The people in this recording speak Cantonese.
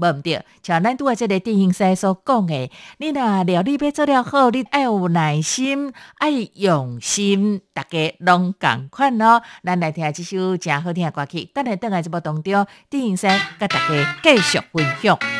問唔對，像咱拄下這個電影師所講嘅，你呐料理別做了後，你要有耐心，愛用心，大家攏咁款咯。咱來聽一首正好聽嘅歌曲，等下等下就無同調，電影師甲大家繼續分享。